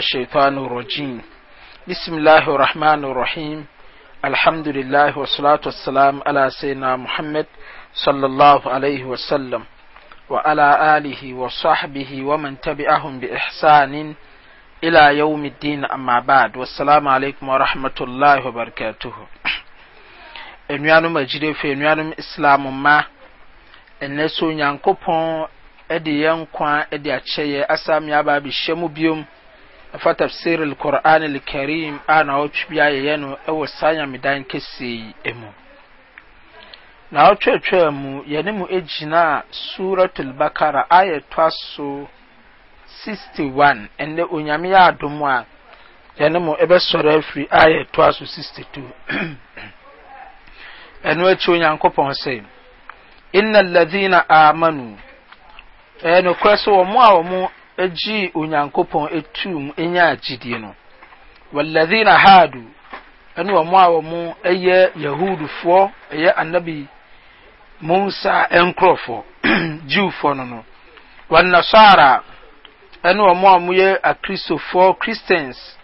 الشيطان الرجيم بسم الله الرحمن الرحيم الحمد لله والصلاة والسلام على سيدنا محمد صلى الله عليه وسلم وعلى آله وصحبه ومن تبعهم بإحسان إلى يوم الدين أما بعد والسلام عليكم ورحمة الله وبركاته enuanom agyirefo enuanom islam ma ɛnɛ so nyankopɔn de yɛn nkwa de akyɛ yɛ asam yɛ aba abɛhyɛ mu biom fa tafsir alquran alkarim a na ɔtwe bi ayɛyɛ no ɛwɔ saa nyamedan kɛseɛ yi mu na ɔtwetwea mu yɛne mu gyina suratul bakara ayɛ toa so 61 ende onyame ya adom a yɛne mu ɛbɛsɔre afiri ayɛ toa so 62 ɛno akyi onyankopɔn sɛ inna alladhina amanu ɛyɛ nokorɛ sɛ wɔ a wɔ mo gyee onyankopɔn etum enyaa gyidie no waladhina hadu ɛne wɔn a wɔn yɛ yahudufoɔ ɛyɛ anabi musa nkorɔfoɔ jiwfoɔ no no wɔn nasara ɛne wɔn a wɔyɛ akristofoɔ christians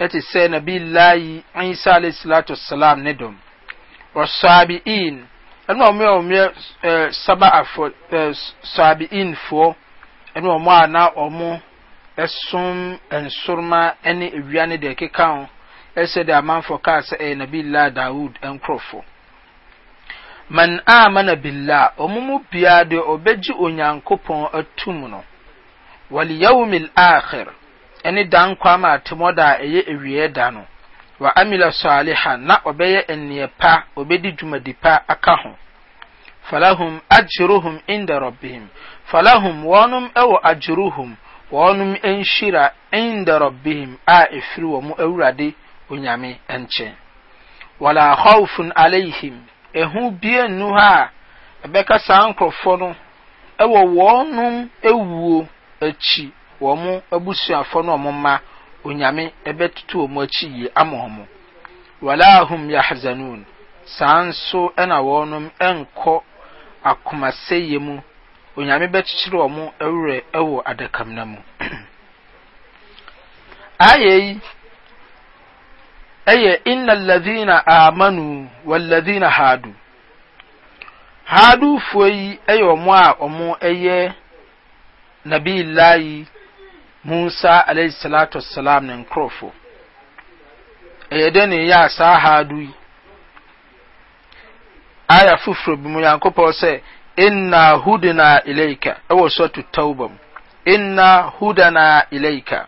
ɛte sɛ nabi layi isa alayhi salam ne dɔm in ɛne wɔn a wɔyɛ ɛɛ eh, sabaafoɔ ɛɛ eh, saabiinfoɔ ɛne wɔn a na wɔn ɛsom nsoroma ɛne ewia ne deɛ ɛkeka ho ɛsɛ deɛ amanfo kaa sɛ ɛyɛ nabi laa daoud nkorɔfo man amana billah wɔn mu biara deɛ ɔbɛgye onyankopɔn atum no wɔle yawumil akhir ɛne dan kwam a temɔda a ɛyɛ ewie da no wa amila saliha na ɔbɛyɛ nneɛ pa ɔbɛdi dwumadi pa aka ho falahum ajruhum inda rabbihim falahum wɔnom ɛwɔ agyeruhum wɔnom nhyira inda rabbihim a ɛfiri wɔn mu awurade onyame nkyɛn wala khawfun alaihim ɛho bia nnu ha a ɛbɛka saa nkurɔfoɔ no ɛwɔ wɔnom awuo akyi wɔn mo abusuafoɔ no wɔn mma onyame ɛbɛtutu wɔn akyi yie ama wɔn wala hum yahzanun saa nso ɛna wɔnom ɛnkɔ yie mu onyame bɛkyekyere wɔn werɛ wɔ adakamna mu ayɛ yi ɛyɛ inna alladhina amanu waladina hadu hadufoɔ yi ɛyɛ wɔn a wɔn ɛyɛ nabiillahi musa alayhi salatu wasalam ne nkurɔfoɔ ɛyɛ dɛ ne yɛ a saa hadu yi aya foforɔ bi mu yankopɔn sɛ inna hudana ilaika ɛwɔ sɔtu tauba mu inna hudana ilaika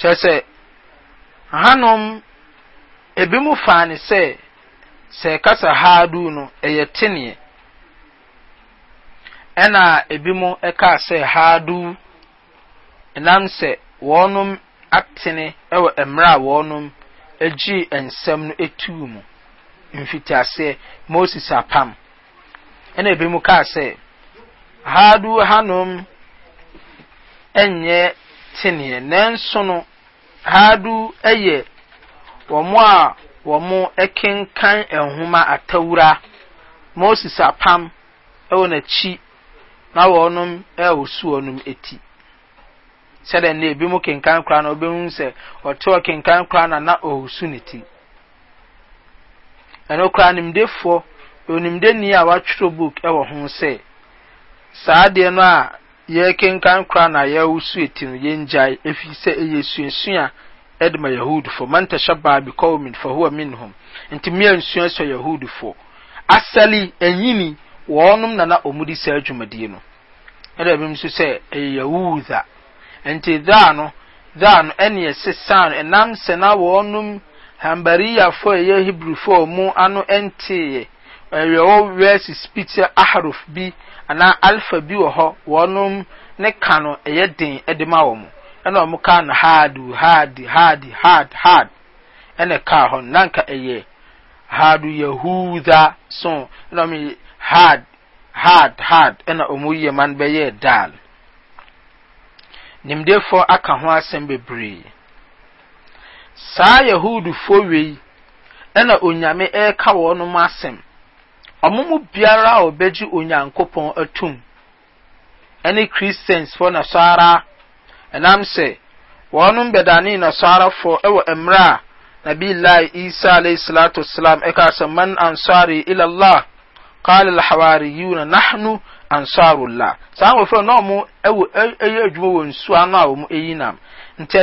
kyerɛ sɛ hanom ebi mu faa ne sɛ sɛ kasa haadu no ɛyɛ teneɛ ɛna ebi mu ɛkaa sɛ haadu ɛnam sɛ wɔnom atene ɛwɔ mmerɛ a wɔnom agyi nsɛm no etu mu mfitiaseɛ moses apam. ɛna ebi mu kaa sɛ haadu hanom ɛnyɛ teneɛ nanso no haadu ɛyɛ wɔn a wɔn ɛkenkan nhoma atawura moses apam ɛwɔ n'akyi na wɔn ɛwɔ su wɔnom eti sɛdeɛ na ebi mu kenkan koraa na ɔbɛhu sɛ ɔte ɔkenkan koraa na na ɔwɔ su ne ti ɛno koraa nimdefoɔ. onimdeni a watwerɛ book ɛwɔ ho sɛ saa adeɛ no a yɛkenkan kora na yɛwosu ti no yɛngyae efi sɛ ɛyɛ suasua ɛde ma yahudfoɔ man tashabaa biqaumin fahuwa minhum nti mmea nsua sɛ yahudfoɔ asali ɛnyini wɔnom na na ɔmudi saa adwumadie no ɛda bi nso sɛ ɛyɛ yahuda nti dhaa no dhaa no ɛne ɛsesaa no ɛnam sɛ na wɔnom hambariyafoɔ ɛyɛ hebrifoɔ mu ano ɛnteeɛ ɛwɛwɔ verses bi te aharof bi anaa alfa bi wɔ hɔ wɔnom ne ka no ɛyɛ den ɛde ma wɔn ɛna wɔn ka no haadu haadi haadi haad haad ɛna ka hɔ nanka ɛyɛ haadu yahuda so ɛna wɔn haad haad haad ɛna wɔn yɛ man bɛyɛ daal nimdefoɔ aka ho asɛm bebree saa yahudufoɔ wei ɛna onyame ɛka wɔn asɛm. ɔmo mu biara a ɔbɛgye onyankopɔn atum ɛne christians fo nasara ɛnam sɛ wɔnom bɛdane nasarafoɔ ɛwɔ mmerɛ a nabiillahi isa alayhi salatu wasalam ɛka sɛ man ansari ila allah qala alhawariyuna nahnu ansarullah saa wɔfrɛ na ɔmo ɛwɔ ɛyɛ adwuma wɔ nsuo ano a ɔmo ɛyi nam nti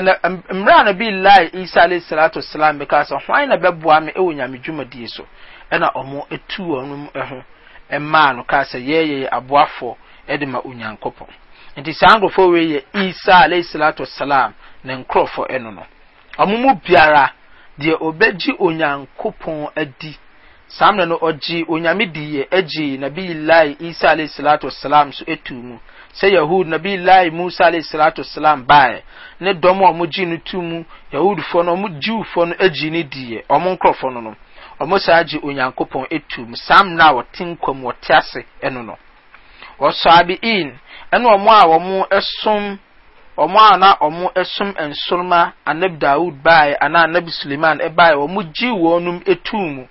mmerɛ a nabiillahi isa alayhi salatu wasalam bɛka sɛ hwan na bɛboa me ɛwɔ nyame so ɛna ɔmo etu wɔn ho ɛmaa no kaa sɛ yɛyɛ aboafo ɛde ma onyankopɔn nti saa nkurɔfoɔ wei yɛ isa alayhi salam wasalam ne nkurɔfoɔ ɛno no ɔmo mu biara deɛ ɔbɛgye onyankopɔn adi saa mmerɛ no ɔgye onyame diiɛ agye nabiyilahi isa alayhi salam wasalam so etu mu sɛ yahud nabiyilahi musa alayhi salam wasalam ne dɔm a ɔmo gye no tu mu yahudfoɔ no ɔmo jiwfoɔ no agye ne diiɛ ɔmo nkurɔfoɔ no no ɔmo saa gye onyankopɔn etu mu saa mmerɛ a wɔte nkwa mu wɔte ase ɛno no wɔsaabiin ɛne ɔmo a ɔmo ɛsom ɔmo a na ɔmo ɛsom nsoroma anabi daud baeɛ anaa anabi suleiman ɛbaeɛ ɔmo gye wɔnom etu mu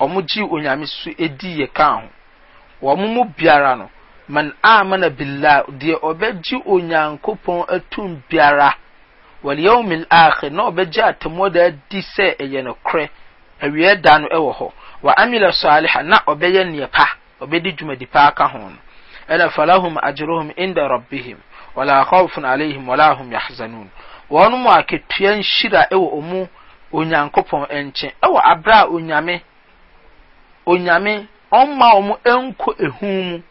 ɔmo gye onyame so edi yɛ kaa ho wɔn mu biara no man amana billah deɛ ɔbɛgye onyankopɔn atum biara wɔn yɛn mu ahe na ɔbɛgye atemmu da di sɛ ɛyɛ no korɛ awie da no wɔ hɔ wa amila saliha na ɔbɛyɛ nneɛ pa ɔbɛdi dwumadi pa aka ho no ɛna falahum agyerohum inda rabbihim wala khawfun alaihim wala hum yahzanun wɔn mu aketua nhyira ɛwɔ ɔmu onyankopɔn nkyɛn ɛwɔ abere a onyame onyame ɔmma wɔn nkɔ ehu mu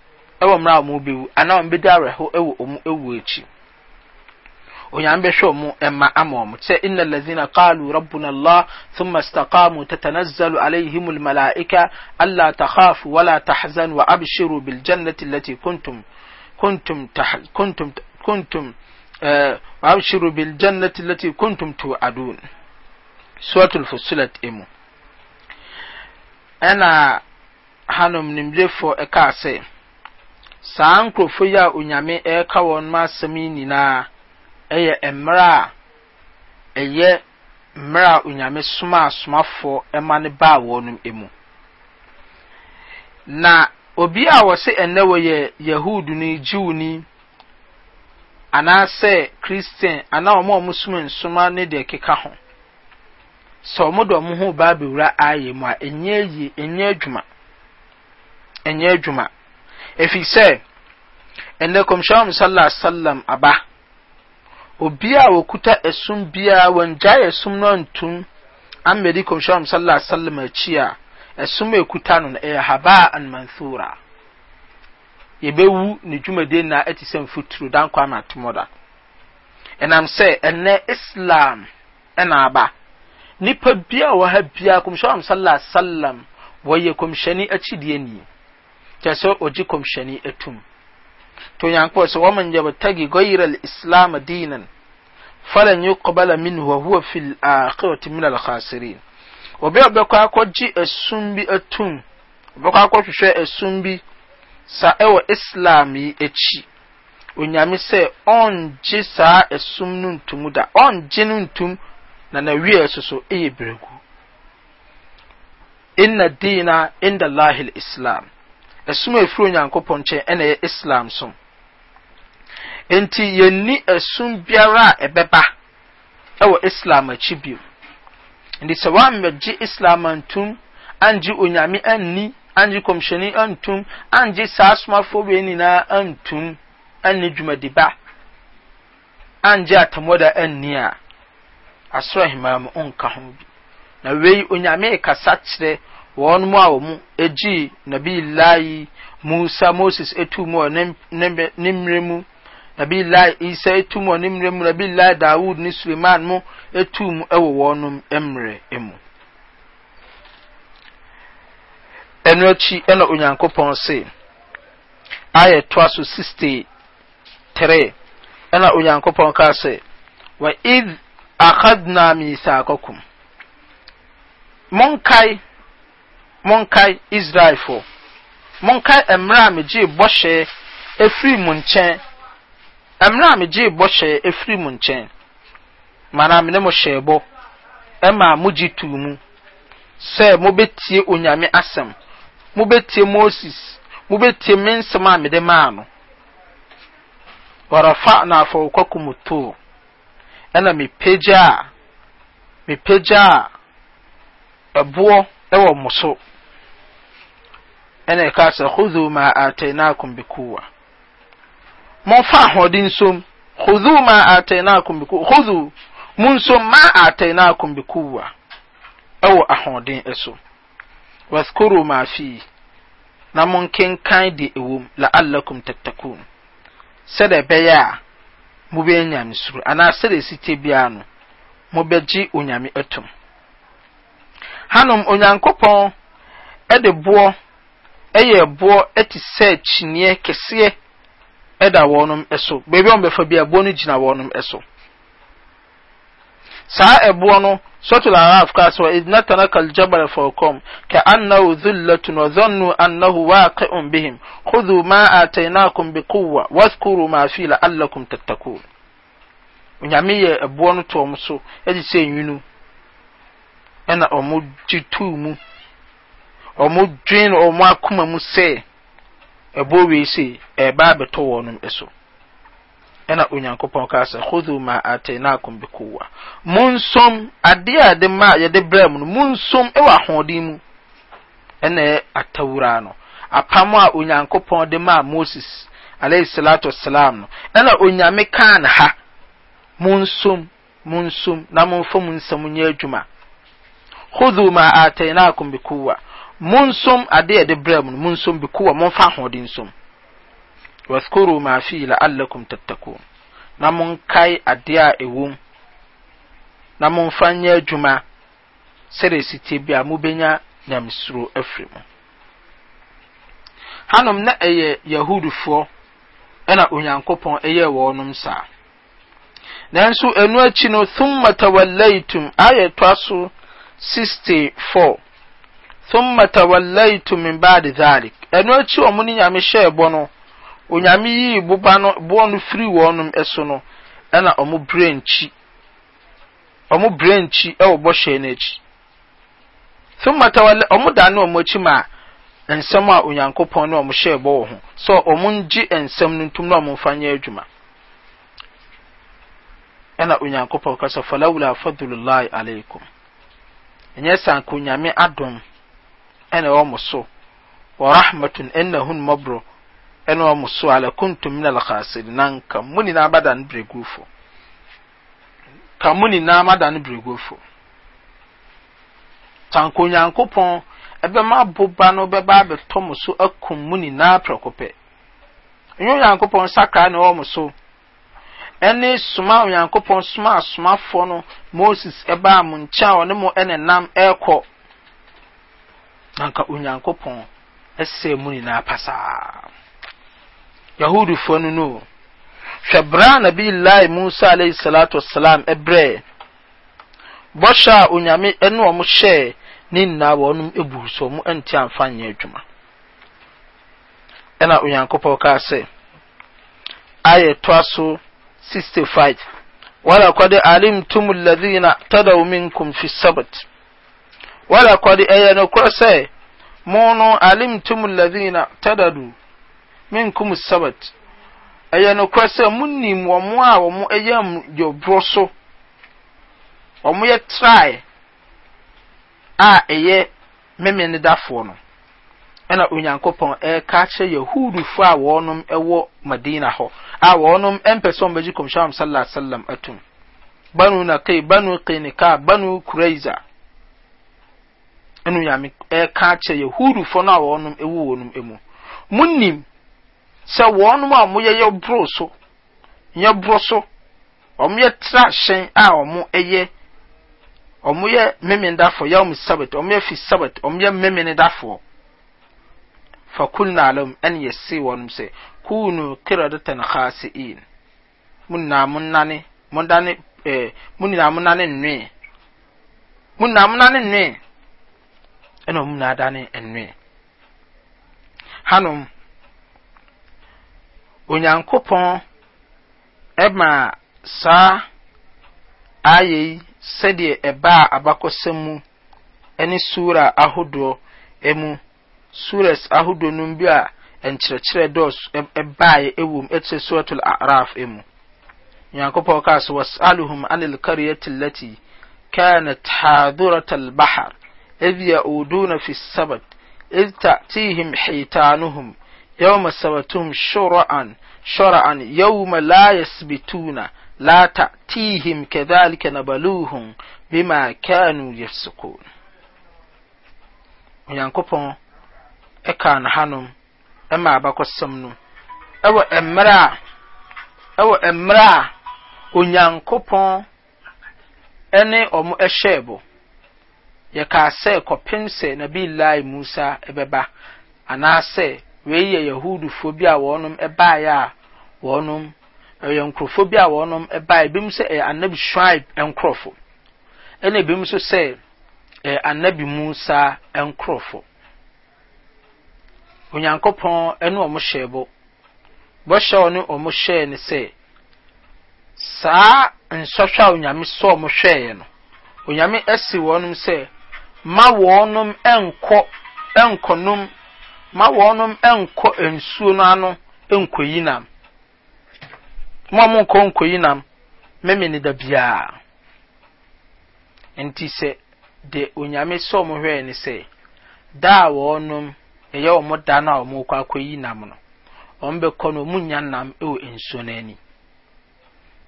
ɛwɔ mmerɛ a wɔn bɛwu anaa wɔn bɛdi awerɛho wɔ wɔn ewu akyi ونعم بشو مو أما أمام إن الذين قالوا ربنا الله ثم استقاموا تتنزل عليهم الملائكة ألا تخافوا ولا تحزنوا وأبشروا بالجنة التي كنتم كنتم تح كنتم كنتم آه، وأبشروا بالجنة التي كنتم توعدون سورة الفصلة إمو أنا هانم nimdefoɔ ɛkaa sɛ saa nkurɔfoɔ yi a onyame ɛreka wɔn ɛyɛ mmerɛ a ɛyɛ mmerɛ a onyame soma asomafoɔ ɛma ne baa wɔn mu na obi a wɔsɛ ɛnɛ wɔyɛ yahudu ni jew ni anaasɛ christian anaa wɔn a wɔsom nsoma ne deɛ keka ho sɛ wɔn de wɔn ho ba abɛwura ayɛ mu a ɛnyɛ yie ɛnyɛ adwuma ɛnyɛ adwuma efi ɛnɛ kɔmhyɛn mu sallallahu sallam aba. obi a wɔkuta esum biara wɔngyae esum no ntum amedi kɔmhyɛn sallallahu alaihi wasallam akyi a esum a ekuta no no ɛyɛ haba anmansura yɛbɛwu ne dwumadie na ɛte sɛ mfuturo danko ama atomɔda ɛnam sɛ ɛnɛ islam ɛna aba nipa bia wɔ ha bia kɔmhyɛn sallallahu alaihi wasallam wɔyɛ kɔmhyɛni akyidie nie kyerɛ sɛ ogye kɔmhyɛni atum to so sɛ waman tagi ghayra islam dinan falan yuqbala minhu wa huwa fil akhirati min alkhasirin obi kwa ko ji esum bi atum bɛkɔ akɔhwehwɛ esum bi sa ɛwɔ islam yi akyi onyame on ɔngye sa esum no ntum da ji nu ntum na nawie e ɛyɛ beregu inna dina inda lahil islam ɛsom a ɛfiri onyankopɔn nkyɛn ɛna ɛyɛ islam so nti yɛnni ɛsom biara a ɛbɛba ɛwɔ islam akyi bio nti sɛ woammɛgye islam antom angye onyame anni angye kɔmhyɛni antom angye saa somafoɔ wei nyinaa antom anni dwumadiba angye atamɔda anni a asorɔ ahemmaa mu ɔnka ho bi na wei onyame kasa kyerɛ wɔn mu a wɔn egyi nabi lai musa moses etu mu wɔ ne mmerɛ mu nabi lai isa etu mu wɔ ne mmerɛ mu nabi lai daawud ne suleiman mu etu mu ɛwɔ wɔn mmerɛ mu ɛno akyi ɛna onyankopɔn se ayɛ toa so sisi, tere, ɛna onyankopɔn kaa sɛ wa id akadna misaakɔkum monkae monkae israelfo monkae mmerɛ a megyee bɔhyɛ efiri mu nkyɛn mmerɛ a megyee bɔhyɛ efiri mu nkyɛn mana mene mo hyɛɛ bɔ ɛma mogye tuu mu sɛ mobɛtie onyame asɛm mobɛtie moses mobɛtie me nsɛm a mede maa no warafa'na fawqakum tur ɛna mepagya a mepagya a ɛboɔ ɛwɔ mo so ɛna ɛka sɛ khudhu ma atainakum bikuwa mɔmfa ahoɔden nsom khudhu ma atainakum bikuwa khudhu mu nsom ma atainakum bikuwa ɛwɔ ahoɔden ɛso waskuru ma fii na monkenkan de ɛwom la'allakum tattakun sɛdeɛ ɛbɛyɛ a mobɛyɛ nyame suro anaa sɛdeɛ sitie biara no mobɛgye onyame atom hanom onyankopɔn ɛde boɔ ɛyɛ ɛboɔ ɛte sɛ kyiniiɛ kɛseɛ ɛda wɔnom ɛso beebi a wɔn bɛfa bi ɛboɔ no gyina wɔnom ɛso saa ɛboɔ no sɔtul araf kaa sɛ idina tanaka aljabal fɔkɔm ka annahu dhullatun wa dhannu annahu waqi'un bihim khudhu ma atainakum biquwwa wadhkuru ma fi la'allakum tattakun onyame yɛ ɛboɔ no to wɔn so ɛde sɛ nwinu ɛna wɔn gye tuu mu wɔn dwen wɔn akoma mu sɛ ɛbɔ wei sɛ ɛba abɛtɔ wɔn so ɛna onyankopɔn kaa sɛ hodo ma ate na akom bi kowa mu nsom adeɛ a yɛde ma yɛde brɛ mu no mu nsom ɛwɔ ahoɔden mu ɛna atawura no apam a onyankopɔn de maa moses alayhi salatu wasalam no ɛna onyame kaa na ha mu nsom mu nsom na mu nfa mu nsɛm nyɛ adwuma hodo ma ate na akom bi kowa munsom ade yɛde brɛ mu no munsom bi kowa momfa ahoɔden som waskuru ma fi la'allakum tattakun na monkae ade a ɛwom na momfa nyɛ adwuma sɛde sitie bi a mubenya nyamesuro afiri mu hanom na ɛyɛ yahudifoɔ ɛna onyankopɔn ɛyɛɛ wɔnom saa nanso ɛno akyi no thumma tawallaitum ayɛ toa so 64 thumma tawallaitu min ba'di dhalik ɛno akyi ɔmo ne nyame hyɛɛ bɔ no onyame yii boba no boɔ no firi wɔnom ɛso no ɛna ɔmo brɛ nkyi nkyi ɛwɔ bɔhyɛ ma a nsɛm a onyankopɔn ne ɔmo wɔ ho ngye nsɛm no ntum na nyɛ adwuma ɛna kasa ɛna ɛwɔ mo so wa rahmatun ɛna hun mɔborɔ ɛna ɛwɔ mo so ala kuntum min alkhasiri na nka mu nyinaa ba da no beregu fo ka mu nyinaa ma da no beregu fo tanko nyankopɔn ɛbɛma boba no bɛba abɛtɔ mo so akum mo nyinaa prɛko pɛ nyɛ nyankopɔn sakra na ɛwɔ mo so ɛne soma onyankopɔn soma asomafoɔ no moses ɛbaa mo nkyɛn a ɔne mo ɛne nam ɛrekɔ nanka onyankopɔn ɛsɛ mu nyinaa pasaa yahudifoɔ no no hwɛ berɛ a nabiilahi musa alayhi salatu wasalam ɛberɛ bɔhyɛ a onyame ɛne ɔmo hyɛɛ ne nyinaa wɔnom ɛburu so ɔmo ɛnte amfa nyɛ adwuma ɛna onyankopɔn kaa sɛ ayɛ toa so 65 ولقد علمتم الذين اعتدوا منكم في السبت wala kɔde ɛyɛ nokorɔ sɛ mo no alimtum alladhina tadadu minkum sabat ɛyɛ nokorɔ sɛ monim wɔ mo a wɔ mo ɛyɛ yɔborɔ so wɔ mo yɛ trae a ɛyɛ meme ne dafoɔ no ɛna onyankopɔn ɛka kyerɛ yahudufoɔ a wɔnom ɛwɔ madina hɔ a wɔnom ɛmpɛ sɛ ɔmbɛgye kɔmhyɛ am sallallahu alaihi wasallam atum banu nakai banu qinika banu kuraiza ɛnu nyame ɛka kyerɛ yahudufoɔ no a wɔnom ewu wɔnom emu munim sɛ wɔnom a wɔyɛ yɛ boro so yɛ boro so wɔn yɛ tra hyɛn a wɔn e yɛ wɔn yɛ mimindafo yɛ wɔn sabat wɔn yɛ fi sabat wɔn yɛ mimindafo fakul naalam ɛna yɛsi wɔn sɛ kunu kiradatan khasiin mu nyinaa mu nnane mu nnane ɛɛ eh, mu nyinaa mu nnane nnwee mu nyinaa mu nnane nnwee ɛna ɔmo nyinaa adane nnue hanom onyankopɔn ɛma saa ayɛ yi sɛdeɛ ɛbaa abakɔsɛm mu ɛne sura ahodoɔ ɛmu suras ahodoɔ no bi a nkyerɛkyerɛ dɔɔso ɛbaeɛ ɛwɔ mu ɛkyerɛ suratul araf ɛmu onyankopɔn kaa so wasaluhum anil qaryati allati kanat hadirat albahar إذ يؤودون في السبت إذ تأتيهم حيتانهم يوم سبتهم شرعا شرعا يوم لا يسبتون لا تأتيهم كذلك نبلوهم بما كانوا يفسقون ويانكوبون أكان ne أما ɛma abakɔsɛm أو أمرا أو أمرا ويانكوبون أني أمو أشيبو yɛkaa sɛ kɔpem sɛ nabillahi musa ɛbɛba anaasɛ wei yɛ bi a wɔnom ɛbaeɛ a wɔnom ɛyɛ nkurɔfoɔ bi a wɔnom ɛbaeɛ binom sɛ ɛyɛ annabi shuaib nkurɔfo ɛna binom nso sɛ ɛyɛ annabi musa nkurɔfo onyankopɔn ɛne ɔmo hyɛɛ bɔ bɔhyɛ ne ɔmo hyɛɛ ne sɛ saa nsɔhwɛ a onyame sɛ ɔmo hwɛeɛ no onyame asi wɔnom sɛ ma wɔnom nkɔ nkɔnom ma wɔnom nkɔ nsuo no ano nkɔyi nam mo a mo nkɔ nkɔyi nam mɛmɛ ne da biara nti sɛ de onyame sɛ ɔmo hwɛɛ ne sɛ da a wɔnom ɛyɛ ɔmo da no a ɔmo kɔ akɔyi nam no ɔmo bɛkɔ no ɔmo nya nam ɛwɔ nsuo no ani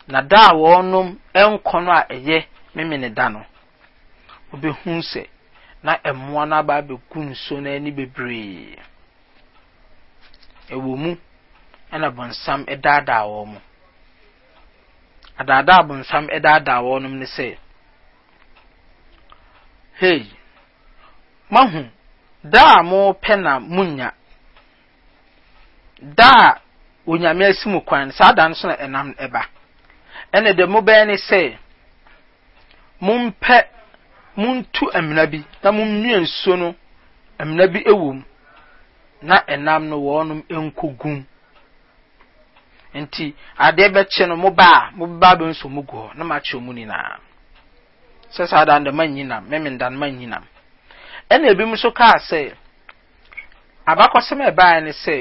na da a wɔnom nkɔ no a ɛyɛ mɛmɛ ne da no obɛhu sɛ na mmoa no aba abɛgu nsuo no ani bebree ɛwɔ mu ɛna bɔnsam daadaa wɔn mo adaadaa bɔnsam ɛdaadaa wɔn mo ne sɛ hei mahu daa a mopɛ na munya Daa a onyame asi mu kwan saa da no so na ɛnam ɛba ɛna deɛ mobɛyɛ ne sɛ mompɛ muntu amina bi na mummue nsuo no amina bi wɔ mu na ɛnam no wɔnom nkɔ gum nti adeɛ bɛkye no mo baa mo baa bɛ nso mo gu hɔ na m'akye kyerɛ mu nyinaa sɛ saa da ndama nyinam mɛmi ndanama nyinam ɛna ebinom nso kaa sɛ abakɔsɛm ɛbaeɛ ne sɛ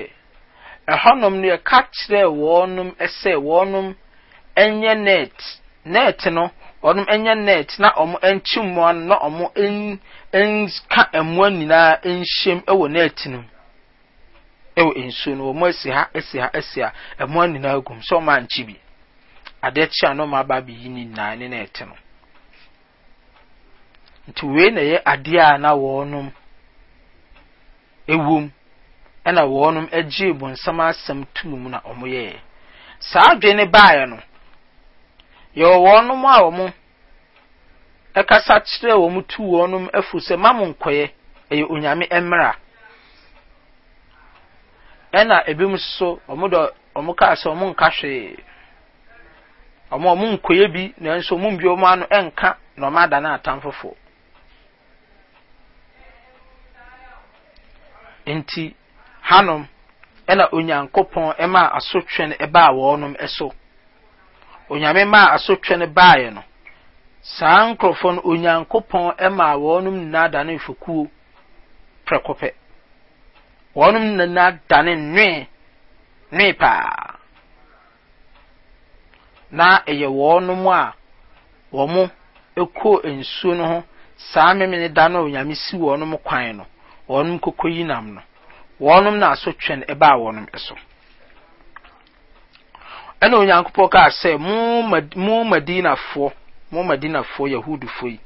ɛhɔnom no yɛka kyerɛ wɔnom ɛsɛ wɔnom nyɛ net net no ɔnom ɛnyɛ net na ọmụ ɛnkyi mmoa na ɔmo nka mmoa nyinaa ɛnhyɛm ɛwɔ net no ɛwɔ nsuo no ha ɛsi ha ɛsi ha mmoa nyinaa gum na aba abɛyi ne nyinaa net no nti na ɛyɛ adeɛ na asɛm tum mu na saa adwene baeɛ no yɛwɔ wɔnom a wɔn ɛkasa kyerɛ wɔn tu wɔnom afu sɛ mamu nkɔyɛ ɛyɛ onyame mmra ɛna ebinom nso wɔn dɔ wɔn kaa sɛ wɔn nka hwee wɔn a wɔn nkɔyɛ bi nanso wɔn mbie wɔn ano ɛnka na wɔn ada no atam foforɔ nti hanom ɛna onyankopɔn ɛma asotwe no ɛbaa wɔnom ɛso. onyame maa asotwe no baeɛ no saa nkurɔfoɔ no onyankopɔn maa wɔnom nyinaa dane mfukuo prɛko pɛ wɔnom nyinaa dane nwe nwe paa na ɛyɛ wɔnom a wɔn kɔɔ nsuo no ho saa memene da no onyame si wɔn kwan no wɔn kɔkɔ yi nam no wɔn na asotwe no baa wɔn so ɛna onyankopɔn kaa sɛ mo madinafoɔ mo madinafoɔ yahudifoɔ yi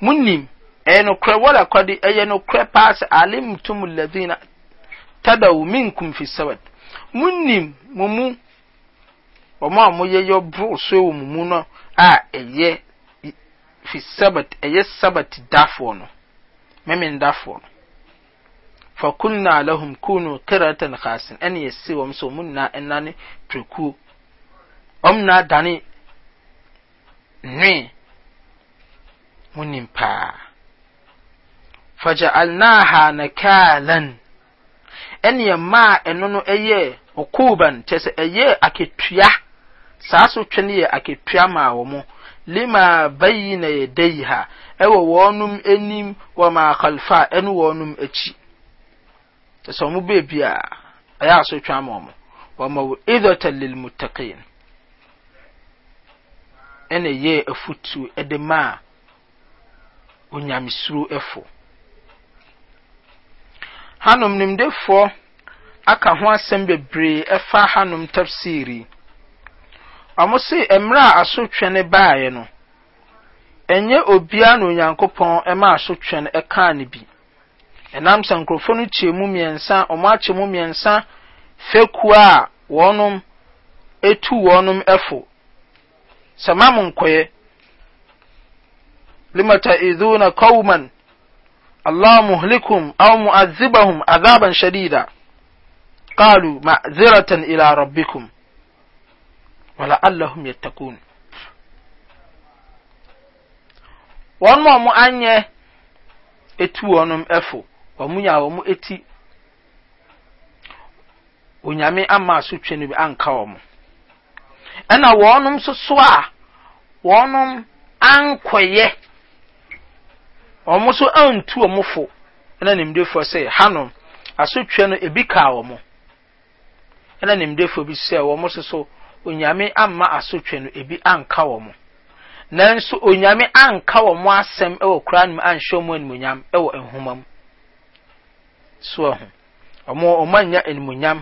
munim ɛyɛ nokorɛ wɔla kɔde ɛyɛ nokorɛ paa sɛ alimtum ladina tadaw minkum fi sabat munim mo mu wɔn a moyɛ yɛboro so wɔ mo mu no a ɛyɛ fi sabat ɛyɛ sabat dafoɔ no mɛmin dafoɔ no fa kunna lahum kunu qiratan khasin an yasi wa sɛ ɔmo nyinaa ɛnane dani ɔm nyinaa dane nwe faja'alnaha nakalan an yamma ɛno no ukuban kyɛ sɛ ɛyɛ aketua saa so twɛ yɛ aketua maa wɔ mo lima bayina yɛdaiha ɛwɔ wonum enim wa ma khalfa enu wonum akyi sɛ ɔmo bɛɛ bi a ɛyɛ asotwa ama ɔmo wɔma wɔ idɔta lil mutakin ɛna yɛ afutu ɛde ma a onyamesuro ɛfo hanom nimdefoɔ aka ho asɛm bebree ɛfa hanom tafsiri ɔmo se mmerɛ a asotwa no baeɛ no ɛnyɛ obiara na onyankopɔn ɛma asotwa no ɛkaa no bi ɛnam sɛ nkurɔfoɔ no kyɛ mu mmiɛnsa ɔmo akyɛ mu mmiɛnsa fekuo a wɔnom etu wɔnom ɛfo sɛmam nkɔyɛ lima ta'idhuna qauman allah muhlikum aw mu'adhibahum adhaban shadida qalu ma'ziratan ila rabbikum wala'allahum yattaqun wɔn mu a anyɛ etu wɔnom ɛfo ɔmo nya ɔmo eti onyame ama asotwe no bi anka ɔmo ɛna wɔnom soso a wɔnom ankɔyɛ ɔmo nso antu wɔn fo ɛna nimdefoɔ sɛ hanom asotwe no ebi ka wɔn ɛna nimdefoɔ bi sɛ ɔmo so so onyame ama asotwe no ebi anka ɔmo nanso onyame anka wɔn asɛm ɛwɔ koraa no mu anhyɛ wɔn animonyam ɛwɔ nhoma mu soɔ ho ɔmo ɔmo anya animuonyam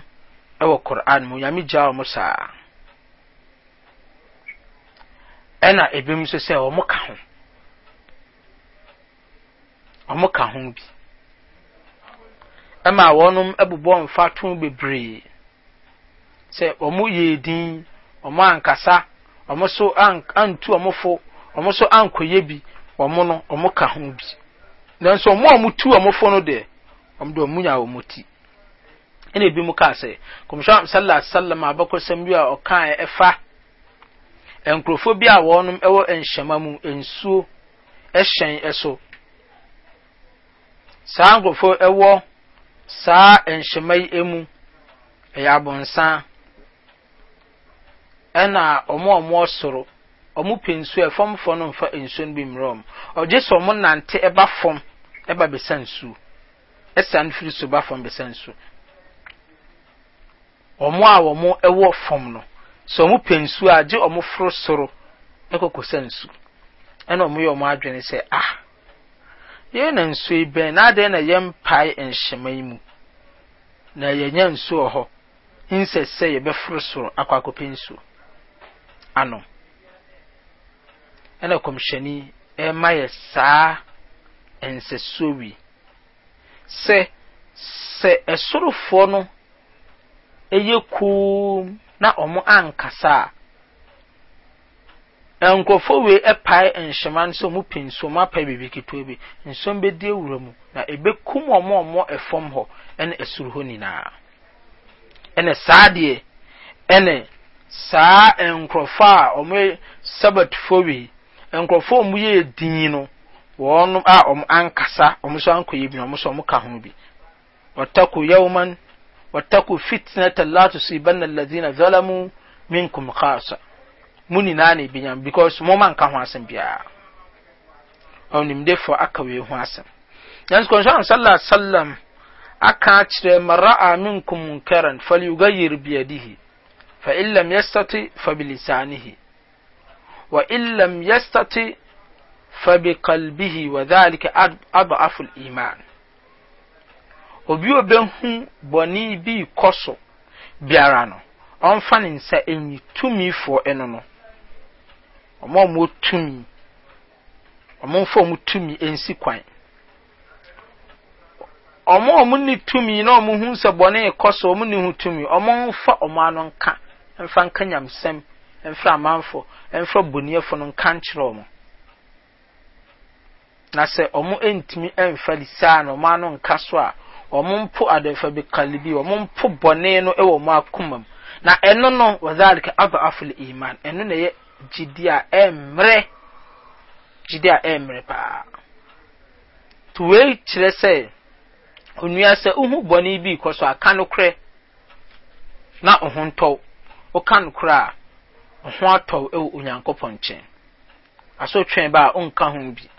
ɛwɔ koran mu nyame gya ɔmo saa ɛna ebinom nso sɛ ɔmo ka ho ɔmo ka ho bi ɛma wɔnom ɛbobɔ mfato bebree sɛ ɔmo yɛ din ɔmo ankasa ɔmo so antu ɔmo fo ɔmo so bi ɔmo no ɔmo ka ho bi nanso ɔmo a ọmụda de ɔmo nya ɔmo ti ebi mu kaa sɛ kɔmhyɛn sallah sallam abakɔsɛm bi a ɔkaa ɛfa nkurɔfoɔ bi a wɔnom ɛwɔ nhyɛma mu nsuo ɛhyɛn ɛso saa nkurɔfoɔ ɛwɔ saa nhyɛma yi emu ɛyɛ abɔnsan ɛna ɔmo a ɔmo soro ɔmo pɛ nsuo nsuo no bi mmerɛ ɔmo ɔgye sɛ ɔmo fam ɛba bɛsa nsuo. ɛsiane firi so ba fam bɛsiane so wɔn a wɔn ɛwɔ fam no sɛ wɔn pɛ nsuo a gye wɔn foro soro ɛkɔkɔ sa nsu ɛna wɔn yɛ wɔn adwene sɛ ah yɛn na nsuo yi bɛn n'adan na yɛn mpae nhyɛma yi mu na yɛn yɛnya nsuo wɔ hɔ nsɛ sɛ yɛbɛforo soro akɔ akɔpɛ nsuo ano ɛna kɔmhyɛni ɛma yɛ saa nsɛsowi. sɛ sɛ ɛsorofoɔ no ɛyɛ kuum na ɔmo ankasa a nkurɔfoɔ wei ɛpae nhyɛma no sɛ ɔmo pii nsuom apa biribi ketewa bi nsuom bɛdi awura mu na ebekum ɔmo ɔmo ɛfam hɔ ɛne ɛsoro hɔ nyinaa ɛne saa deɛ ɛne saa nkurɔfoɔ a ɔmo yɛ sabatfoɔ wei nkurɔfoɔ a ɔmo yɛ din no wɔn a wɔn ankasa wɔn nso ankɔyɛ bi na wɔn nso wɔn ka ho bi wɔtako yawman wɔtako fitnata la tusibanna alladhina zalamu minkum kasa. mu nyinaa na ebi nyam because mo ma nka ho asɛm biara fo aka wei ho asɛm nanso kɔnhyɛn sallallahu alaihi Sallam aka akyerɛ mara'a minkum munkaran falyughayyir bi Fali fa in lam yastati fa bi lisanihi wa in lam yastati fabikalbihi wa dhalika aful iman obi obehu bɔne bi kɔ so biara no ɔmfa ne nsa ɛnyi tumifoɔ ɛno no ɔmo ɔmo tumi ɔmo mfa ɔmo tumi ɛnsi kwan ɔmo ɔmo ni tumi na ɔmo hu sɛ bɔni kɔ so ɔmo ni hu tumi ɔmo mfa ɔmo ano nka mfa nka nyamsɛm nfa amanfo mfa boniefo no nka nkyerɛ ɔmo na sɛ ɔmo ntumi mfa lisaa na ɔmo ano nka so a ɔmo mpo adafa bi kalibi ɔmo mpo bɔne no wɔ ɔmo akoma mu na ɛno no wɔdhalika adhaf l iman ɛno na ɛyɛ gyidi a ɛmmerɛ gyidi a ɛmmerɛ paa nti wei kyerɛ sɛ onua sɛ ohu bɔne bi kɔ so aka no korɛ na ɔho ntɔw woka no korɛ a ɔho atɔw wɔ onyankopɔn nkyɛn asotwɛn ba a ɔnka ho bi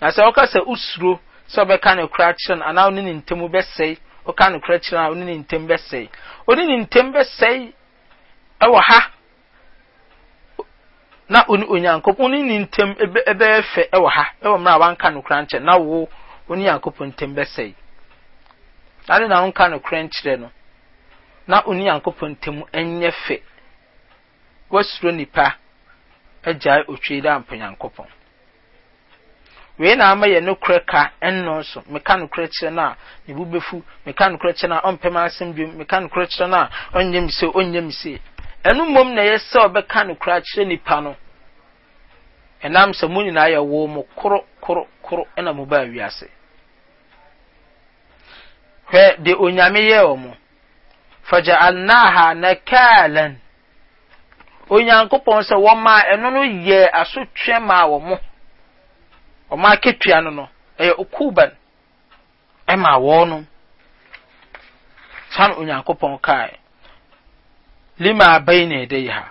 na sɛ woka sɛ usuro sɛ ɔbɛka no kora kyerɛ no anaa wone ne ntɛm bɛsɛe woka no kora kyerɛ no a ne bɛsɛe ne bɛsɛe ɛwɔ ha na ɔne onyankopɔn wone ne ntɛm ɛbɛyɛ fɛ ɛwɔ ha ɛwɔ mmerɛ a wanka no kora nkyɛ na wo wone nyankopɔn ntɛm bɛsɛe ade na wonka no kora nkyerɛ no na wone nyankopɔn ntɛm ɛnyɛ fɛ wasuro nipa agyae otwei dɛ ampa nyankopɔn wei na ama yɛ no korɛ ka ɛnno so meka no korɛ kyerɛ no a ne bu bɛfu meka no korɛ kyerɛ no a ɔmpɛ asɛm biom meka no korɛ kyerɛ no a ɔnyɛ me se ɔnyɛ me se ɛno mmom na ɛyɛ sɛ ɔbɛka no korɛ akyerɛ nipa no ɛnam sɛ mo nyinaa yɛ wo mo koro koro koro ɛna mo baa wiase hwɛ de onyame yɛɛ wɔ mo faja'alnaha nakalan onyankopɔn sɛ wɔmaa ɛno no yɛ asotwe maa wɔ mo ɔmo aketua no no ɛyɛ okuban ɛma wɔnom san onyankopɔn kae lima abayi na ɛda yi ha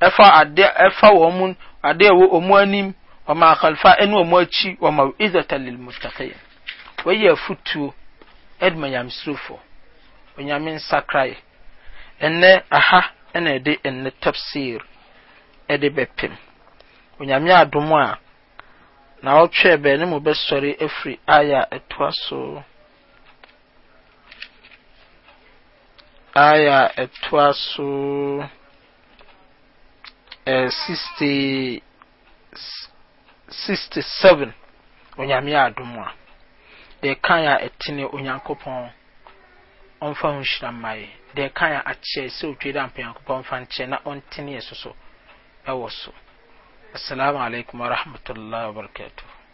ɛfa ade ɛfa wɔn mu ade ɛwɔ wɔn anim wɔn akalfa ɛne wɔn akyi wɔn awo izata lil mutakayi wɔyɛ afutuo ɛde ma nyamesurofo onyame nsakrae ɛnɛ aha ɛna ɛde ɛnɛ tafsir ɛde bɛpem onyame adomo a na ɔtwe bɛn mu bɛsɔre afiri aya ɛtoa so aya ɛtoa so ɛɛ sixty sixty seven onyame adum a deɛ kan a ɛtene onyankopɔn ɔmfa ho nhyira mma yɛ deɛ kan a akyɛ sɛ otwe dɛ ampa nyankopɔn mfa nkyɛ na ɔntene yɛ soso ɛwɔ so. so. السلام عليكم ورحمة الله وبركاته